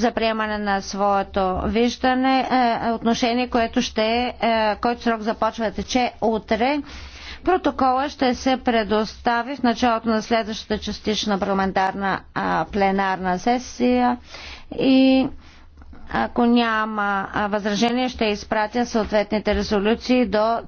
за приемане на своето виждане, е, отношение, което ще, е, който срок започва да тече утре. Протокола ще се предостави в началото на следващата частична парламентарна пленарна сесия и ако няма възражение, ще изпратя съответните резолюции до